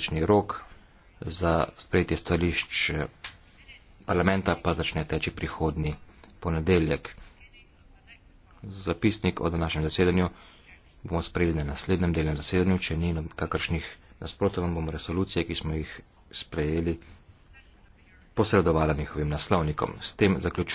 petmesečni rok, za sprejetje stališč parlamenta pa začne teči prihodni ponedeljek. Zapisnik o današnjem zasedanju bomo sprejeli na naslednjem delnem zasedanju, če ni kakršnih nasprotov, bomo resolucije, ki smo jih sprejeli, posredovala njihovim naslovnikom. S tem zaključujem.